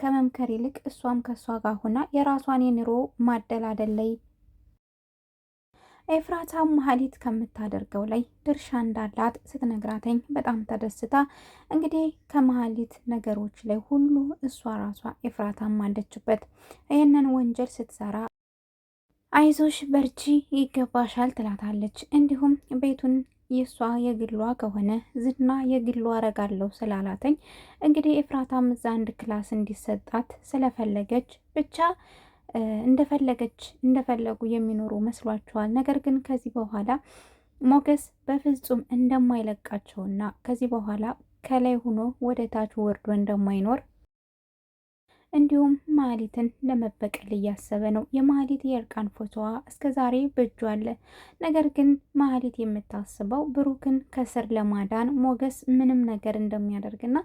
ከመምከር ይልቅ እሷም ከእሷ ጋር ሆና የራሷን የኑሮ ማደላደል ላይ ኤፍራታ መሀሊት ከምታደርገው ላይ ድርሻ እንዳላት ስትነግራተኝ በጣም ተደስታ እንግዲህ ከመሀሊት ነገሮች ላይ ሁሉ እሷ ራሷ ኤፍራታም አለችበት። ይህንን ወንጀል ስትሰራ አይዞሽ በርቺ ይገባሻል ትላታለች። እንዲሁም ቤቱን የእሷ የግሏ ከሆነ ዝና የግሏ አረጋለሁ ስላላተኝ እንግዲህ ኤፍራታም እዛ አንድ ክላስ እንዲሰጣት ስለፈለገች ብቻ እንደፈለገች እንደፈለጉ የሚኖሩ መስሏቸዋል። ነገር ግን ከዚህ በኋላ ሞገስ በፍጹም እንደማይለቃቸውና ከዚህ በኋላ ከላይ ሆኖ ወደ ታች ወርዶ እንደማይኖር እንዲሁም መሀሊትን ለመበቀል እያሰበ ነው። የማሊት የእርቃን ፎቶዋ እስከዛሬ በእጁ አለ። ነገር ግን መሀሊት የምታስበው ብሩክን ከስር ለማዳን ሞገስ ምንም ነገር እንደሚያደርግና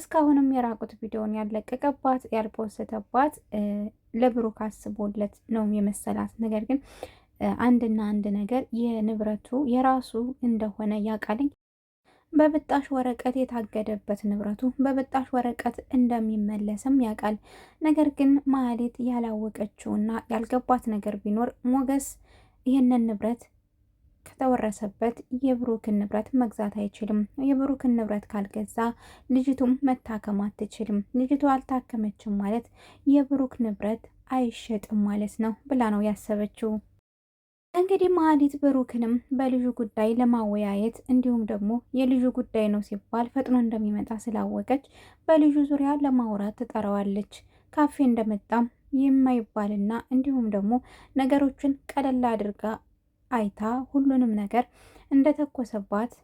እስካሁንም የራቁት ቪዲዮን ያለቀቀባት ያልፖሰተባት ለብሩክ አስቦለት ነው የመሰላት ነገር ግን አንድና አንድ ነገር የንብረቱ የራሱ እንደሆነ ያውቃልኝ በብጣሽ ወረቀት የታገደበት ንብረቱ በብጣሽ ወረቀት እንደሚመለስም ያውቃል። ነገር ግን ማህሌት ያላወቀችውና ያልገባት ነገር ቢኖር ሞገስ ይህንን ንብረት ከተወረሰበት የብሩክን ንብረት መግዛት አይችልም። የብሩክን ንብረት ካልገዛ ልጅቱም መታከም አትችልም። ልጅቱ አልታከመችም ማለት የብሩክ ንብረት አይሸጥም ማለት ነው ብላ ነው ያሰበችው። እንግዲህ ማህሌት ብሩክንም በልጁ ጉዳይ ለማወያየት እንዲሁም ደግሞ የልጁ ጉዳይ ነው ሲባል ፈጥኖ እንደሚመጣ ስላወቀች በልጁ ዙሪያ ለማውራት ትጠራዋለች። ካፌ እንደመጣም የማይባልና እንዲሁም ደግሞ ነገሮችን ቀለል አድርጋ አይታ ሁሉንም ነገር እንደተኮሰባት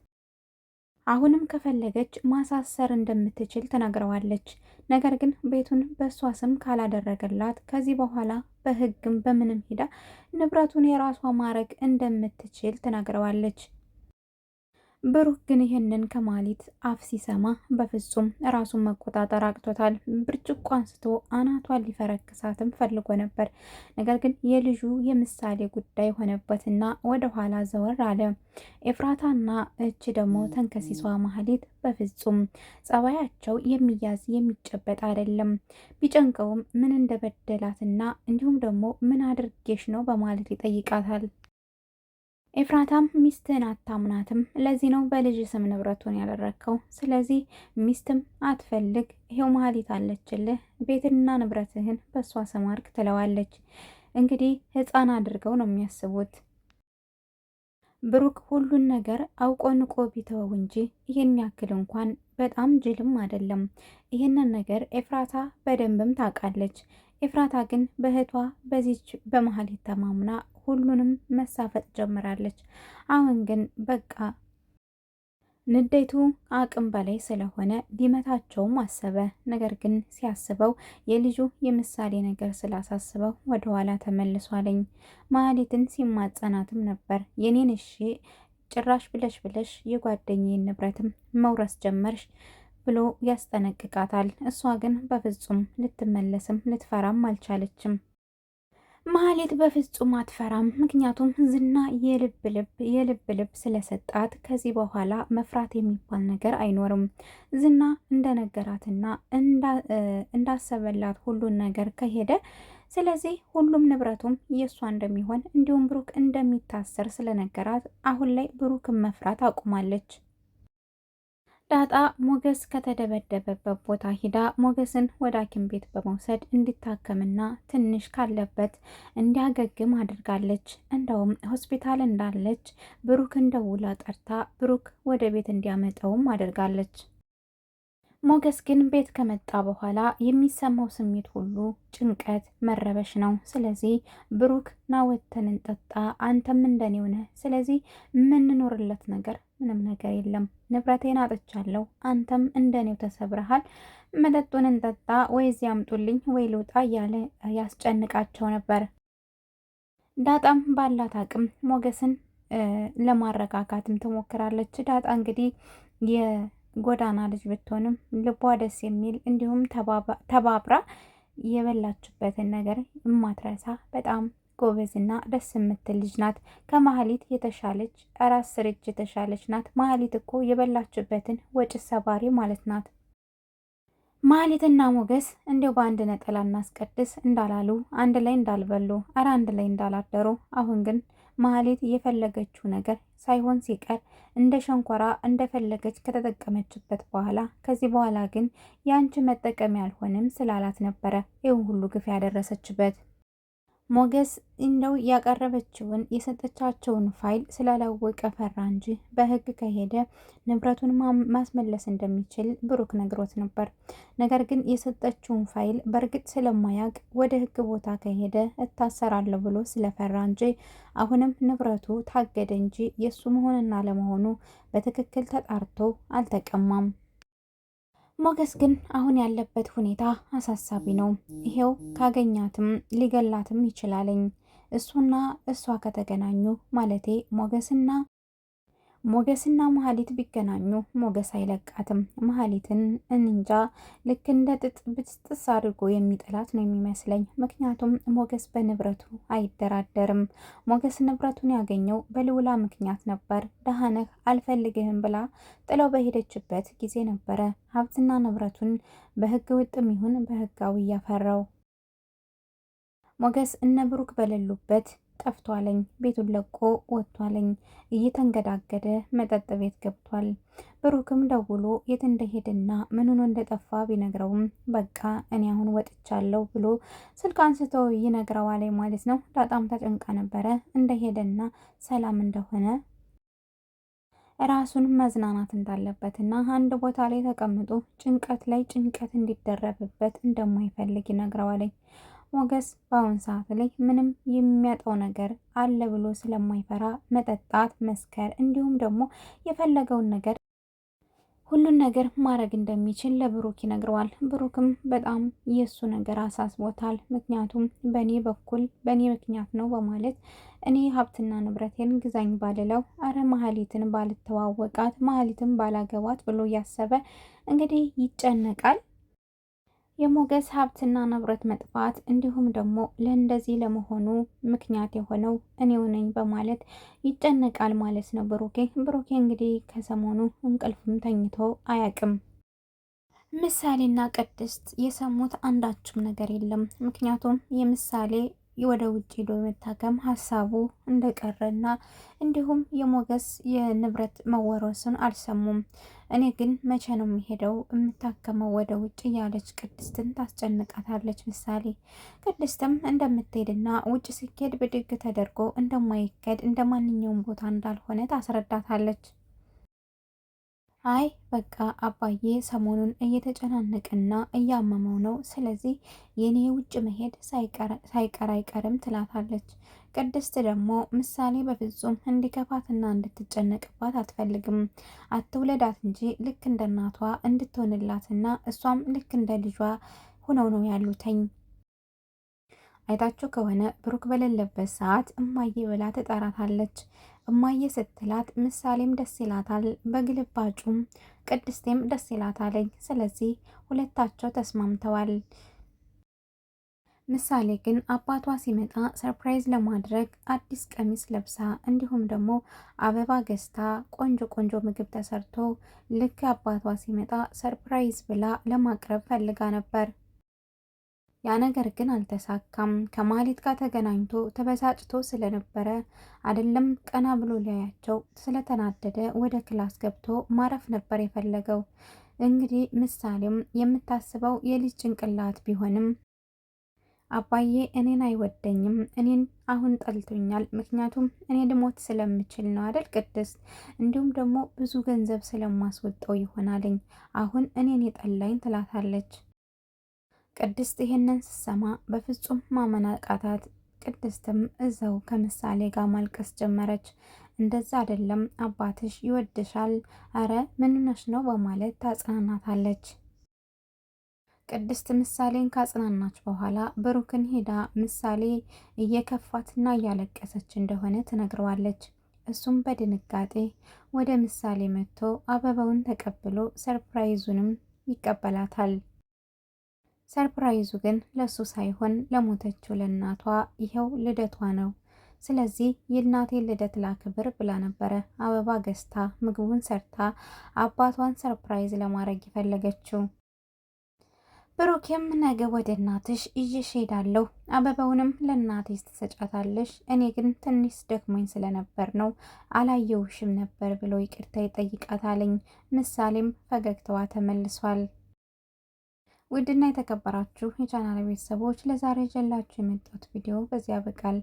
አሁንም ከፈለገች ማሳሰር እንደምትችል ተናግረዋለች። ነገር ግን ቤቱን በእሷ ስም ካላደረገላት ከዚህ በኋላ በሕግም በምንም ሂዳ ንብረቱን የራሷ ማድረግ እንደምትችል ተናግረዋለች። ብሩክ ግን ይህንን ከማሊት አፍ ሲሰማ በፍጹም ራሱን መቆጣጠር አቅቶታል። ብርጭቆ አንስቶ አናቷን ሊፈረክሳትም ፈልጎ ነበር። ነገር ግን የልጁ የምሳሌ ጉዳይ ሆነበትና ወደኋላ ዘወር አለ። ኤፍራታና እች ደግሞ ተንከሲሷ ማህሌት በፍጹም ጸባያቸው የሚያዝ የሚጨበጥ አይደለም። ቢጨንቀውም ምን እንደበደላትና እንዲሁም ደግሞ ምን አድርጌሽ ነው በማለት ይጠይቃታል። ኤፍራታም ሚስትን አታምናትም። ለዚህ ነው በልጅ ስም ንብረቱን ያደረግከው። ስለዚህ ሚስትም አትፈልግ፣ ይሄው መሀሊት አለችልህ፣ ቤትንና ንብረትህን በእሷ ስም አድርግ ትለዋለች። እንግዲህ ህፃን አድርገው ነው የሚያስቡት። ብሩክ ሁሉን ነገር አውቆ ንቆ ቢተወው እንጂ ይህን ያክል እንኳን በጣም ጅልም አይደለም። ይህንን ነገር ኤፍራታ በደንብም ታውቃለች። ኤፍራታ ግን በእህቷ በዚች በመሀል ተማምና ሁሉንም መሳፈጥ ጀምራለች። አሁን ግን በቃ ንዴቱ አቅም በላይ ስለሆነ ሊመታቸውም አሰበ። ነገር ግን ሲያስበው የልጁ የምሳሌ ነገር ስላሳስበው ወደ ኋላ ተመልሷለኝ። መሀሌትን ሲማጸናትም ነበር የኔን እሺ ጭራሽ ብለሽ ብለሽ የጓደኛዬን ንብረትም መውረስ ጀመርሽ ብሎ ያስጠነቅቃታል። እሷ ግን በፍጹም ልትመለስም ልትፈራም አልቻለችም። ማህሌት በፍጹም አትፈራም። ምክንያቱም ዝና የልብ ልብ የልብ ልብ ስለሰጣት ከዚህ በኋላ መፍራት የሚባል ነገር አይኖርም። ዝና እንደነገራትና እንዳሰበላት ሁሉን ነገር ከሄደ ስለዚህ ሁሉም ንብረቱም የእሷ እንደሚሆን እንዲሁም ብሩክ እንደሚታሰር ስለነገራት አሁን ላይ ብሩክን መፍራት አቁማለች። ዳጣ ሞገስ ከተደበደበበት ቦታ ሂዳ ሞገስን ወደ ሐኪም ቤት በመውሰድ እንዲታከምና ትንሽ ካለበት እንዲያገግም አድርጋለች። እንደውም ሆስፒታል እንዳለች ብሩክ እንደውላ ጠርታ ብሩክ ወደ ቤት እንዲያመጣውም አድርጋለች። ሞገስ ግን ቤት ከመጣ በኋላ የሚሰማው ስሜት ሁሉ ጭንቀት፣ መረበሽ ነው። ስለዚህ ብሩክ ናወተን እንጠጣ፣ አንተም እንደኔ ሆነ። ስለዚህ የምንኖርለት ነገር ምንም ነገር የለም፣ ንብረቴን አጥቻለሁ፣ አንተም እንደኔው ተሰብረሃል፣ መጠጡን እንጠጣ፣ ወይ እዚህ አምጡልኝ፣ ወይ ልውጣ እያለ ያስጨንቃቸው ነበር። ዳጣም ባላት አቅም ሞገስን ለማረጋጋትም ትሞክራለች። ዳጣ እንግዲህ ጎዳና ልጅ ብትሆንም ልቧ ደስ የሚል እንዲሁም ተባብራ የበላችበትን ነገር የማትረሳ በጣም ጎበዝና ደስ የምትል ልጅ ናት። ከማህሊት የተሻለች አራት ስርጅ የተሻለች ናት። ማህሊት እኮ የበላችበትን ወጭ ሰባሪ ማለት ናት። ማህሊትና ሞገስ እንዲው በአንድ ነጠላ እናስቀድስ እንዳላሉ አንድ ላይ እንዳልበሉ ኧረ አንድ ላይ እንዳላደሩ አሁን ግን ማህሌት የፈለገችው ነገር ሳይሆን ሲቀር እንደ ሸንኮራ እንደፈለገች ከተጠቀመችበት በኋላ ከዚህ በኋላ ግን የአንቺ መጠቀም ያልሆንም ስላላት ነበረ ይህን ሁሉ ግፍ ያደረሰችበት። ሞገስ እንደው ያቀረበችውን የሰጠቻቸውን ፋይል ስላላወቀ ፈራ እንጂ በህግ ከሄደ ንብረቱን ማስመለስ እንደሚችል ብሩክ ነግሮት ነበር። ነገር ግን የሰጠችውን ፋይል በእርግጥ ስለማያውቅ ወደ ህግ ቦታ ከሄደ እታሰራለሁ ብሎ ስለፈራ እንጂ አሁንም ንብረቱ ታገደ እንጂ የእሱ መሆንና ለመሆኑ በትክክል ተጣርቶ አልተቀማም። ሞገስ ግን አሁን ያለበት ሁኔታ አሳሳቢ ነው። ይሄው ካገኛትም ሊገላትም ይችላለኝ። እሱና እሷ ከተገናኙ ማለቴ ሞገስና ሞገስና መሀሊት ቢገናኙ ሞገስ አይለቃትም። መሀሊትን እንንጃ ልክ እንደ ጥጥ ብጥስ አድርጎ የሚጥላት ነው የሚመስለኝ። ምክንያቱም ሞገስ በንብረቱ አይደራደርም። ሞገስ ንብረቱን ያገኘው በልውላ ምክንያት ነበር። ደሃነህ አልፈልግህም ብላ ጥለው በሄደችበት ጊዜ ነበረ ሀብትና ንብረቱን በህገ ወጥም ይሁን በህጋዊ እያፈራው ሞገስ እነ ብሩክ በሌሉበት ጠፍቷለኝ፣ ቤቱን ለቆ ወጥቷለኝ፣ እየተንገዳገደ መጠጥ ቤት ገብቷል። ብሩክም ደውሎ የት እንደሄደና ምን ሆኖ እንደጠፋ ቢነግረውም በቃ እኔ አሁን ወጥቻለሁ ብሎ ስልክ አንስቶ ይነግረዋል ማለት ነው። በጣም ተጨንቃ ነበረ እንደሄደና ሰላም እንደሆነ ራሱን መዝናናት እንዳለበት እና አንድ ቦታ ላይ ተቀምጦ ጭንቀት ላይ ጭንቀት እንዲደረብበት እንደማይፈልግ ይነግረዋለኝ። ሞገስ በአሁን ሰዓት ላይ ምንም የሚያጣው ነገር አለ ብሎ ስለማይፈራ መጠጣት፣ መስከር እንዲሁም ደግሞ የፈለገውን ነገር ሁሉን ነገር ማድረግ እንደሚችል ለብሩክ ይነግረዋል። ብሩክም በጣም የእሱ ነገር አሳስቦታል። ምክንያቱም በእኔ በኩል በእኔ ምክንያት ነው በማለት እኔ ሀብትና ንብረቴን ግዛኝ ባልለው፣ አረ መሀሊትን ባልተዋወቃት፣ መሀሊትን ባላገባት ብሎ እያሰበ እንግዲህ ይጨነቃል። የሞገስ ሀብትና ንብረት መጥፋት እንዲሁም ደግሞ ለእንደዚህ ለመሆኑ ምክንያት የሆነው እኔው ነኝ በማለት ይጨነቃል ማለት ነው ብሩኬ። ብሩኬ እንግዲህ ከሰሞኑ እንቅልፍም ተኝቶ አያቅም። ምሳሌና ቅድስት የሰሙት አንዳችም ነገር የለም። ምክንያቱም የምሳሌ ወደ ውጭ ሄዶ መታከም ሀሳቡ እንደቀረና እንዲሁም የሞገስ የንብረት መወረሱን አልሰሙም። እኔ ግን መቼ ነው የሚሄደው የምታከመው ወደ ውጭ እያለች ቅድስትን ታስጨንቃታለች። ምሳሌ ቅድስትም እንደምትሄድና ውጭ ሲኬድ ብድግ ተደርጎ እንደማይከድ እንደ ማንኛውም ቦታ እንዳልሆነ ታስረዳታለች። አይ በቃ አባዬ ሰሞኑን እየተጨናነቀና እያመመው ነው። ስለዚህ የኔ ውጭ መሄድ ሳይቀር አይቀርም ትላታለች። ቅድስት ደግሞ ምሳሌ በፍጹም እንዲከፋትና እንድትጨነቅባት አትፈልግም። አትውለዳት እንጂ ልክ እንደ እናቷ እንድትሆንላትና እሷም ልክ እንደ ልጇ ሆነው ነው ያሉተኝ። አይታችሁ ከሆነ ብሩክ በሌለበት ሰዓት እማዬ ብላ ትጠራታለች። እማዬ ስትላት ምሳሌም ደስ ይላታል። በግልባጩም ቅድስቴም ደስ ይላታለኝ። ስለዚህ ሁለታቸው ተስማምተዋል። ምሳሌ ግን አባቷ ሲመጣ ሰርፕራይዝ ለማድረግ አዲስ ቀሚስ ለብሳ እንዲሁም ደግሞ አበባ ገዝታ ቆንጆ ቆንጆ ምግብ ተሰርቶ ልክ አባቷ ሲመጣ ሰርፕራይዝ ብላ ለማቅረብ ፈልጋ ነበር። ያ ነገር ግን አልተሳካም። ከማህሌት ጋር ተገናኝቶ ተበሳጭቶ ስለነበረ አይደለም ቀና ብሎ ሊያያቸው ስለተናደደ ወደ ክላስ ገብቶ ማረፍ ነበር የፈለገው። እንግዲህ ምሳሌም የምታስበው የልጅ ጭንቅላት ቢሆንም አባዬ እኔን አይወደኝም፣ እኔን አሁን ጠልቶኛል። ምክንያቱም እኔ ልሞት ስለምችል ነው አደል ቅድስት፣ እንዲሁም ደግሞ ብዙ ገንዘብ ስለማስወጣው ይሆናልኝ አሁን እኔን የጠላኝ ትላታለች። ቅድስት ይህንን ስትሰማ በፍጹም ማመን አቃታት። ቅድስትም እዛው ከምሳሌ ጋር ማልቀስ ጀመረች። እንደዛ አይደለም አባትሽ ይወድሻል፣ አረ ምንነሽ ነው በማለት ታጽናናታለች። ቅድስት ምሳሌን ካጽናናች በኋላ ብሩክን ሄዳ ምሳሌ እየከፋትና እያለቀሰች እንደሆነ ትነግረዋለች። እሱም በድንጋጤ ወደ ምሳሌ መጥቶ አበባውን ተቀብሎ ሰርፕራይዙንም ይቀበላታል። ሰርፕራይዙ ግን ለሱ ሳይሆን ለሞተችው ለእናቷ ይኸው ልደቷ ነው። ስለዚህ የእናቴ ልደት ላክብር ብላ ነበረ አበባ ገዝታ ምግቡን ሰርታ አባቷን ሰርፕራይዝ ለማድረግ የፈለገችው። ብሩኬም ነገ ወደ እናትሽ ይዤሽ እሄዳለሁ፣ አበባውንም ለእናቴ ስትሰጫታለሽ፣ እኔ ግን ትንሽ ደክሞኝ ስለነበር ነው አላየውሽም ነበር ብሎ ይቅርታ ይጠይቃታለኝ። ምሳሌም ፈገግታዋ ተመልሷል። ውድና የተከበራችሁ የቻናል ቤተሰቦች ለዛሬ ጀላችሁ የመጣሁት ቪዲዮ በዚህ ያበቃል።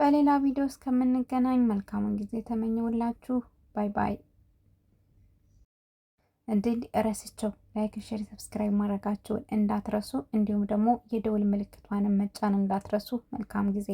በሌላ ቪዲዮ እስከምንገናኝ መልካሙን ጊዜ ተመኘውላችሁ። ባይ ባይ። እንዴት እረስቸው፣ ላይክ፣ ሼር፣ ሰብስክራይብ ማድረጋችሁን እንዳትረሱ፣ እንዲሁም ደግሞ የደውል ምልክቷንም መጫን እንዳትረሱ። መልካም ጊዜ